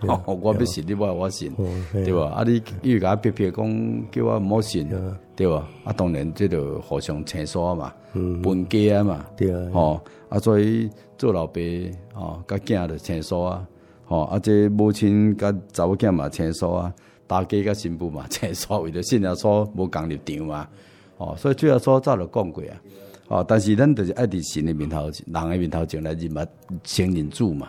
哦、我信吧不信你話我信，對吧？啊你如果偏偏講叫我唔好信，嗯、對吧、啊哦？啊當然即度互相請訴啊嘛，分家啊嘛，哦，啊所以做老爸哦，佢驚的請訴啊，哦，啊即母親佢早驚嘛請訴啊，大家佢新婦嘛請訴。為了信耶穌冇咁立場嘛。哦，所以主要所早都講過啊，哦，但是咱就是愛在神的面頭，嗯、人的面頭上來認物先認主嘛。